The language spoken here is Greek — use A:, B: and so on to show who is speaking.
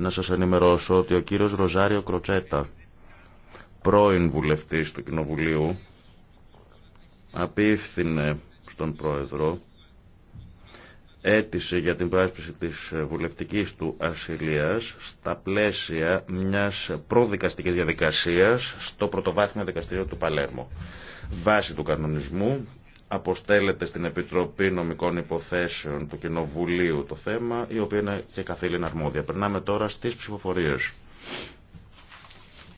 A: να σας ενημερώσω ότι ο κύριος Ροζάριο Κροτσέτα, πρώην βουλευτής του Κοινοβουλίου, απίφθινε στον Πρόεδρο αίτηση για την πράσπιση της βουλευτικής του ασυλίας στα πλαίσια μιας προδικαστικής διαδικασίας στο πρωτοβάθμιο δικαστήριο του Παλέρμο. Βάσει του κανονισμού αποστέλλεται στην Επιτροπή Νομικών Υποθέσεων του Κοινοβουλίου το θέμα, η οποία είναι και καθήλυνα αρμόδια. Περνάμε τώρα στις ψηφοφορίες.